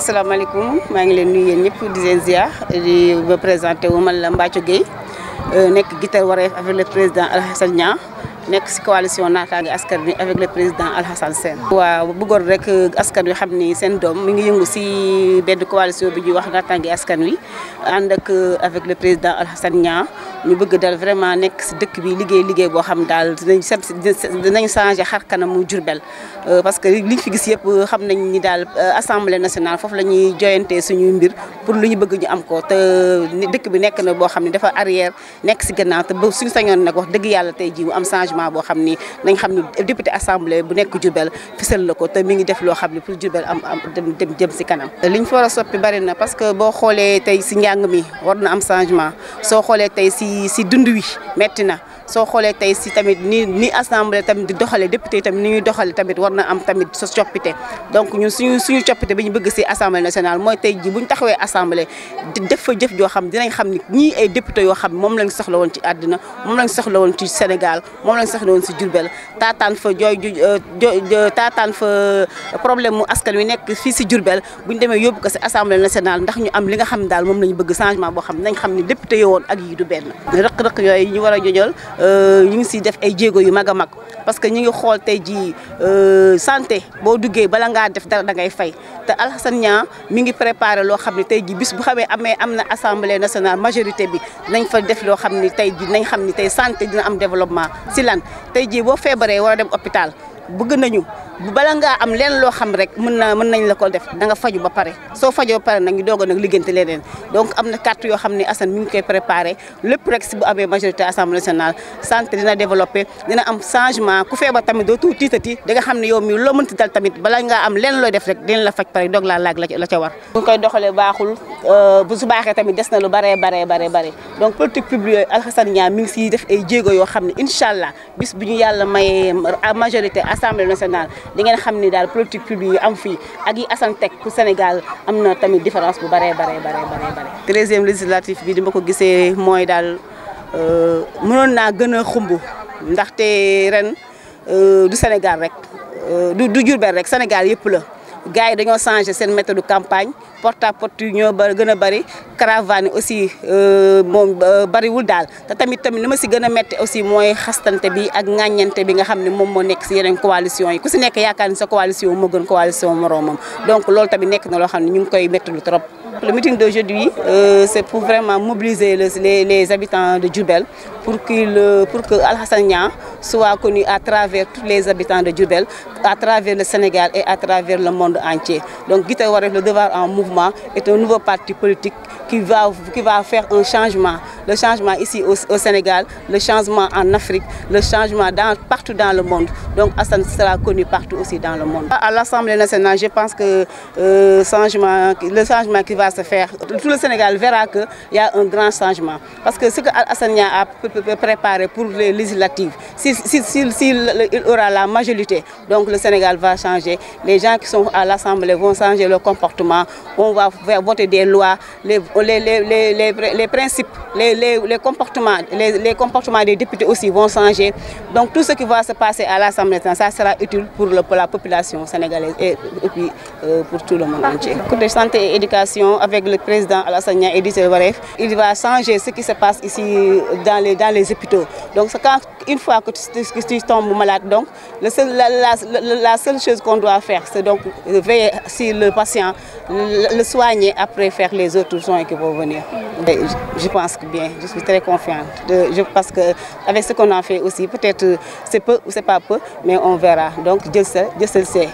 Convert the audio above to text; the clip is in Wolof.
asalaamaaleykum maa ngi leen nuyu yéen ñëpp di leen ziar di représenté wu man la Mbathio Gueye euh, nekk guitare Wareef avec le président Alhassane Niang nekk si coalition naataange askan bi avec le président Alhassane Sène waaw bëggoon rek euh, askan wi xam ni seen doom mi ngi yëngu si benn coalition bi ñuy wax naataange askan wi ànd ak euh, avec le président Alhassane Niang ñu bëgg dal vraiment nekk si dëkk bi liggéey liggéey boo xam daal nañ set dinañ changé xar kanamu Jurbel euh, parce que li fi gis yëpp xam nañ ni daal assemblée nationale foofu la ñuy joyantee suñuy mbir pour lu ñu bëgg ñu am ko te dëkk bi nekk na boo xam ne dafa arrière nekk si gannaaw te suñu sañoon nag wax dëgg yàlla tey ji am changé engagement boo xam ni nañ xam ne député assemblée bu nekk Diourbel fisal la ko te mi ngi def loo xam ne pour Diourbel am am dem dem jëm si kanam. liñ fa war a soppi bari na parce que boo xoolee tey si njàng mi war na am changement soo xoolee tey si si dund wi metti na. soo xoolee tey si tamit ni ni assemblée tamit di doxalee député tamit ni ñuy doxalee tamit war na am tamit sa coppite donc ñu suñu suñu coppite bi ñu bëgg si assemblée nationale mooy tey ji bu ñu taxawee assemblée def fa jëf joo xam dinañ xam ni ñii ay député yoo xam moom lañ soxla woon ci àddina moom lañ soxla woon ci Sénégal moom lañ soxla woon si Diourbel taataan fa jooy euh, jo euh, taataan fa problème mu askan wi nekk fii si Diourbel bu ñu demee yóbbu ko si assemblée nationale ndax ñu am li nga xam daal moom lañ bëgg changement boo xam nañ xam ni député yoo woon ak yi du benn rëq-rëq yooyu ñu war a jojol Euh, ñu ngi siy def ay jéego yu mag a mag parce que ñu ngi xool tey jii euh, santé boo duggee bala ngaa def dara da ngay fay te Alhassane Niang mi ngi préparer loo xam ne tey jii bis bu xamee amee am na assemblée nationale majorité bi nañ fa def loo xam ni tey jii nañ xam ni tey santé dina am développement si lan tey jii boo feebaree war dem hôpital bëgg nañu bala ngaa am leen loo xam rek mën na mën nañ la def da nga faju ba pare soo fajoo ba pare nag ñu doog a nag liggéeyante leneen donc am na carte yoo xam ne Assane mi ngi koy préparé lépp rek si bu amee majorité assemblée nationale santé dina développé dina am changement ku feebar tamit dootul tiitati da nga xam ne yow mi loo mënti dal tamit bala nga am leen looy def rek dina la faj pare doog laa laaj la ca war. bu ñu koy doxalee baaxul. Euh, bu su baaxee tamit des na lu baree baree baree bare donc politique publique Alhassane Niang mi ngi siy def ay jéego yoo xam ne incha allah bis bu ñu yàlla mayee majorité assemblée nationale di ngeen xam ni daal politique publique yi am fii ak yi Assane teg pour Sénégal am na tamit différence bu baree baree baree baree bare treizième législatif bi di ma ko gisee mooy daal euh, mënoon naa gën a xumb ndaxte ren euh, du Sénégal rek du du Diourbel rek Sénégal yëpp la gars yi dañoo changé seen méthode campagne porte à porte yu ñoo ba gën a bëri caravane yi aussi euh, moom euh, bëriwul daal te tamit tamit li ma si gën a métti aussi mooy xastante bi ak ŋàññante bi nga xam ne moom moo nekk si yeneen coalition yi ku si nekk yaakaar ni sa coalition moo gën coalition moroomam donc loolu tamit nekk na loo xam ne ñu ngi koy métti lu trop le meeting d'aujourd'hui, euh, c'est pour vraiment mobiliser les, les, les habitants de Djoubel pour, euh, pour que Al-Hassania soit connu à travers tous les habitants de Djoubel, à travers le Sénégal et à travers le monde entier. Donc Guita le devoir en mouvement est un nouveau parti politique qui va, qui va faire un changement le changement ici au, au, Sénégal, le changement en Afrique, le changement dans, partout dans le monde. Donc Hassan sera connu partout aussi dans le monde. À l'Assemblée nationale, je pense que euh, changement, le changement qui va se faire, tout le Sénégal verra qu'il y a un grand changement. Parce que ce que Hassan a préparé pour les législatives, si, si, aura la majorité, donc le Sénégal va changer. Les gens qui sont à l'Assemblée vont changer leur comportement. On va voter des lois, les, les, les, comportements, les, les, comportements des députés aussi vont changer. Donc tout ce qui va se passer à l'Assemblée nationale, ça sera utile pour, le, pour, la population sénégalaise et, et puis euh, pour tout le monde entier. Côté santé et éducation, avec le président Alassane et Varef, il va changer ce qui se passe ici dans les, dans les hôpitaux. Donc quand, une fois que tu, que tu tombes malade, donc, la, la, la, seule chose qu'on doit faire, c'est donc veiller sur le soigner, après faire les autres soins qui vont venir. je pense que bien. bien, je suis très confiante. De, je, parce que avec ce qu'on a fait aussi, peut-être euh, c'est peu ou c'est pas peu, mais on verra. Donc Dieu seul, Dieu seul sait.